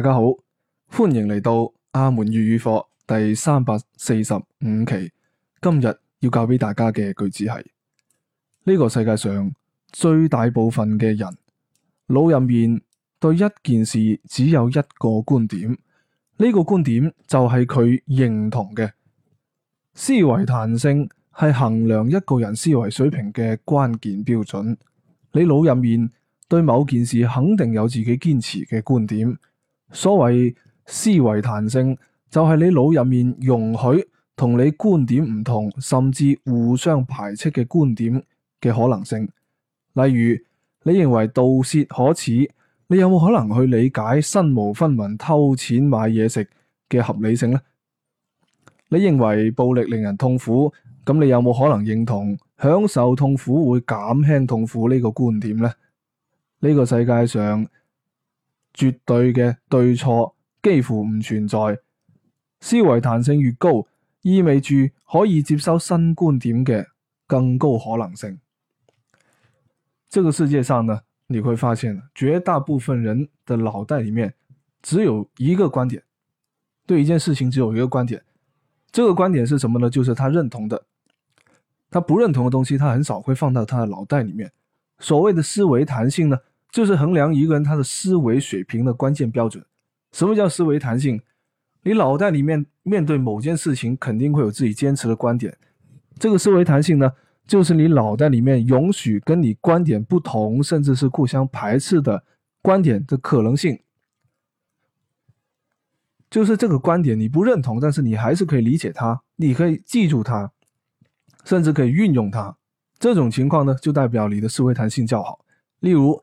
大家好，歡迎嚟到阿門粵語課第三百四十五期。今日要教俾大家嘅句子係：呢個世界上最大部分嘅人，腦入面對一件事只有一個觀點，呢個觀點就係佢認同嘅。思維彈性係衡量一個人思維水平嘅關鍵標準。你腦入面對某件事，肯定有自己堅持嘅觀點。所謂思維彈性，就係你腦入面容許同你觀點唔同，甚至互相排斥嘅觀點嘅可能性。例如，你認為盜竊可恥，你有冇可能去理解身無分文偷錢買嘢食嘅合理性呢？你認為暴力令人痛苦，咁你有冇可能認同享受痛苦會減輕痛苦呢個觀點呢？呢個世界上，絕對嘅對錯幾乎唔存在，思維彈性越高，意味住可以接收新觀點嘅更高可能性。這個世界上呢，你會發現絕大部分人的腦袋裏面只有一個觀點，對一件事情只有一個觀點。這個觀點是什麼呢？就是他認同的，他不認同的東西，他很少會放到他的腦袋裏面。所謂的思維彈性呢，就是衡量一個人他的思維水平的關鍵標準。什麼叫思維彈性？你腦袋裏面面對某件事情，肯定會有自己堅持的觀點。這個思維彈性呢，就是你腦袋裏面允許跟你觀點不同，甚至是互相排斥的觀點的可能性。就是這個觀點你不認同，但是你還是可以理解它，你可以記住它，甚至可以運用它。這種情況呢，就代表你的思維彈性較好。例如，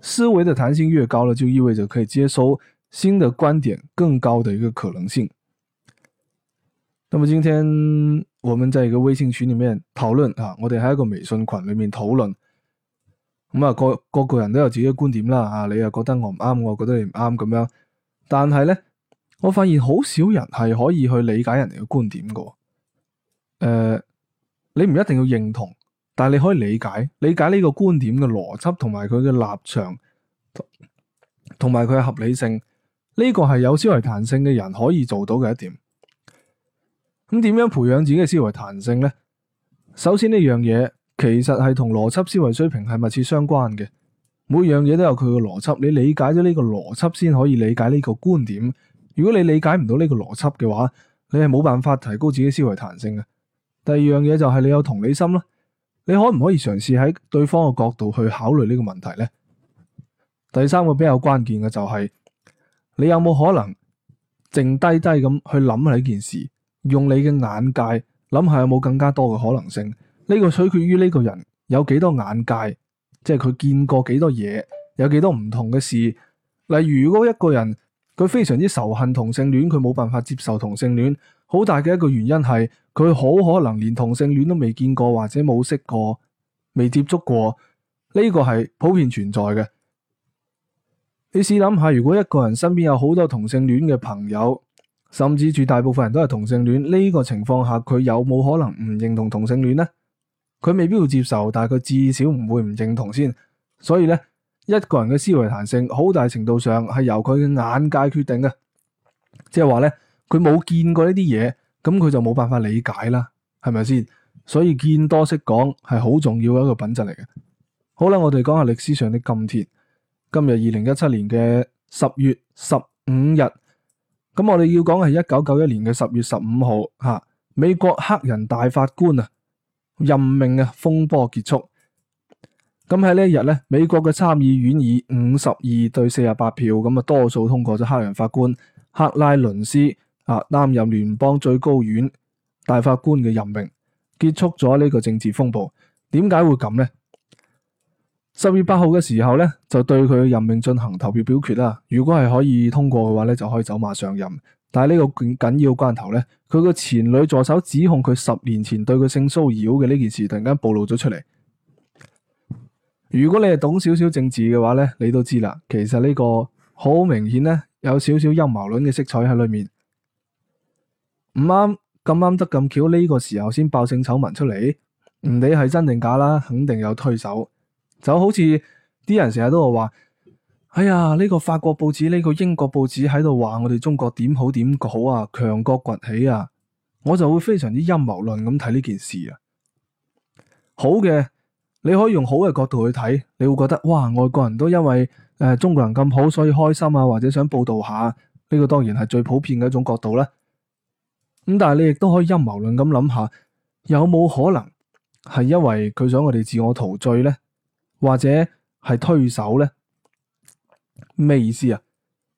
思維的彈性越高了，就意味着可以接收新的觀點更高的一個可能性。那麼今天我們在一個微信群裏面討論啊，我哋喺一個微信群裏面討論，咁、嗯、啊各各個人都有自己嘅觀點啦。啊，你又覺得我唔啱，我覺得你唔啱咁樣。但係咧，我發現好少人係可以去理解人哋嘅觀點㗎。誒、呃，你唔一定要認同。但係你可以理解理解呢個觀點嘅邏輯，同埋佢嘅立場，同埋佢嘅合理性。呢個係有思維彈性嘅人可以做到嘅一點。咁點樣培養自己嘅思維彈性呢？首先呢樣嘢其實係同邏輯思維水平係密切相關嘅。每樣嘢都有佢嘅邏輯，你理解咗呢個邏輯先可以理解呢個觀點。如果你理解唔到呢個邏輯嘅話，你係冇辦法提高自己思維彈性嘅。第二樣嘢就係你有同理心啦。你可唔可以嘗試喺對方嘅角度去考慮呢個問題呢？第三個比較關鍵嘅就係，你有冇可能靜低低咁去諗下呢件事，用你嘅眼界諗下有冇更加多嘅可能性？呢個取決於呢個人有幾多眼界，即係佢見過幾多嘢，有幾多唔同嘅事。例如，如果一個人佢非常之仇恨同性戀，佢冇辦法接受同性戀，好大嘅一個原因係。佢好可能連同性戀都未見過或者冇識過，未接觸過，呢個係普遍存在嘅。你試諗下，如果一個人身邊有好多同性戀嘅朋友，甚至住大部分人都係同性戀，呢個情況下佢有冇可能唔認同同性戀呢？佢未必要接受，但係佢至少唔會唔認同先。所以呢，一個人嘅思維彈性好大程度上係由佢嘅眼界決定嘅，即係話呢，佢冇見過呢啲嘢。咁佢就冇辦法理解啦，係咪先？所以見多識廣係好重要嘅一個品質嚟嘅。好啦，我哋講下歷史上的今天，今日二零一七年嘅十月十五日，咁我哋要講係一九九一年嘅十月十五號，吓、啊、美國黑人大法官啊任命啊風波結束。咁喺呢一日呢，美國嘅參議院以五十二對四十八票咁啊多數通過咗黑人法官克拉倫斯，啊！擔任聯邦最高院大法官嘅任命結束咗呢個政治風暴，點解會咁呢？十月八號嘅時候咧，就對佢嘅任命進行投票表決啦。如果係可以通過嘅話咧，就可以走馬上任。但係呢個緊要關頭咧，佢個前女助手指控佢十年前對佢性騷擾嘅呢件事突然間暴露咗出嚟。如果你係懂少少政治嘅話咧，你都知啦，其實呢個好明顯咧，有少少陰謀論嘅色彩喺裏面。唔啱，咁啱得咁巧呢個時候先爆性醜聞出嚟，唔理係真定假啦，肯定有推手。就好似啲人成日都話，哎呀，呢個法國報紙、呢個英國報紙喺度話我哋中國點好點好啊，強國崛起啊，我就會非常之陰謀論咁睇呢件事啊。好嘅，你可以用好嘅角度去睇，你會覺得哇，外國人都因為，誒，中國人咁好，所以開心啊，或者想報道下呢個，當然係最普遍嘅一種角度啦。咁但係你亦都可以陰謀論咁諗下，有冇可能係因為佢想我哋自我陶醉呢？或者係推手呢？咩意思啊？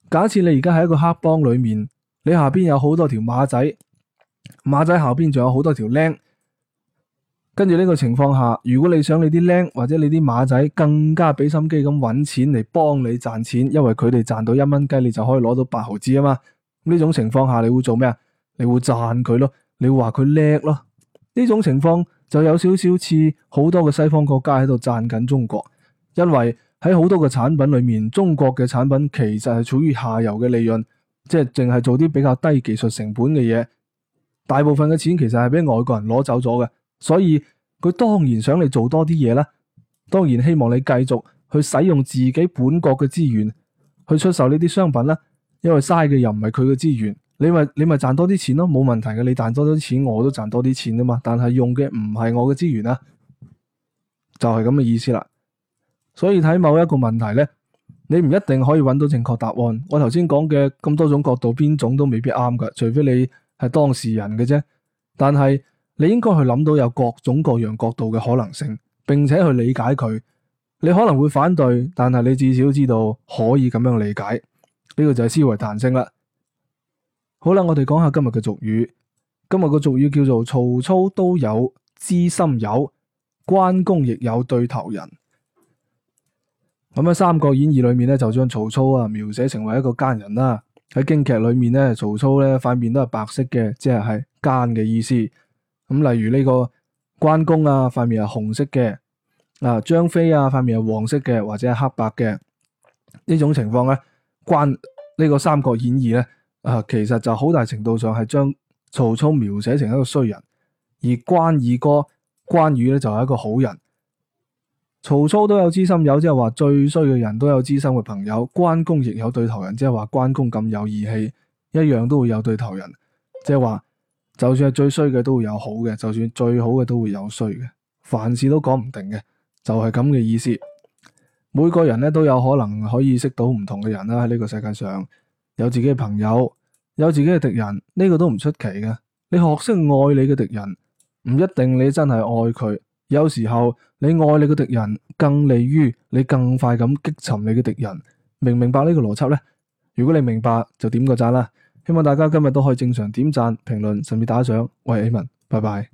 假設你而家喺一個黑幫裏面，你下邊有好多條馬仔，馬仔下邊仲有好多條僆，跟住呢個情況下，如果你想你啲僆或者你啲馬仔更加俾心機咁揾錢嚟幫你賺錢，因為佢哋賺到一蚊雞，你就可以攞到八毫子啊嘛。呢種情況下你會做咩啊？你會讚佢咯，你會話佢叻咯，呢種情況就有少少似好多嘅西方國家喺度讚緊中國，因為喺好多嘅產品裏面，中國嘅產品其實係處於下游嘅利潤，即係淨係做啲比較低技術成本嘅嘢，大部分嘅錢其實係俾外國人攞走咗嘅，所以佢當然想你做多啲嘢啦，當然希望你繼續去使用自己本國嘅資源去出售呢啲商品啦，因為嘥嘅又唔係佢嘅資源。你咪你咪賺多啲錢咯，冇問題嘅。你賺多咗啲錢，我都賺多啲錢啊嘛。但係用嘅唔係我嘅資源啊，就係咁嘅意思啦。所以睇某一個問題呢，你唔一定可以揾到正確答案。我頭先講嘅咁多種角度，邊種都未必啱噶，除非你係當事人嘅啫。但係你應該去諗到有各種各樣角度嘅可能性，並且去理解佢。你可能會反對，但係你至少知道可以咁樣理解。呢個就係思維彈性啦。好啦，我哋講下今日嘅俗語。今日嘅俗語叫做曹操都有知心友，關公亦有對頭人。咁、嗯、喺《三國演義》裏面咧，就將曹操啊描寫成為一個奸人啦、啊。喺京劇裏面咧，曹操咧塊面都係白色嘅，即係係奸嘅意思。咁、嗯、例如呢個關公啊塊面係紅色嘅，啊張飛啊塊面係黃色嘅或者係黑白嘅呢種情況咧，關呢、呢個《三國演義》咧。啊、呃，其實就好大程度上係將曹操描寫成一個衰人，而關二哥關羽呢，就係、是、一個好人。曹操都有知心友，即係話最衰嘅人都有知心嘅朋友。關公亦有對頭人，即係話關公咁有義氣，一樣都會有對頭人。即係話，就算係最衰嘅都會有好嘅，就算最好嘅都會有衰嘅，凡事都講唔定嘅，就係咁嘅意思。每個人呢，都有可能可以識到唔同嘅人啦，喺呢個世界上。有自己嘅朋友，有自己嘅敵人，呢個都唔出奇嘅。你學識愛你嘅敵人，唔一定你真係愛佢。有時候你愛你嘅敵人，更利於你更快咁擊沉你嘅敵人。明唔明白呢個邏輯呢？如果你明白，就點個讚啦。希望大家今日都可以正常點讚、評論，甚至打賞。我係阿門，拜拜。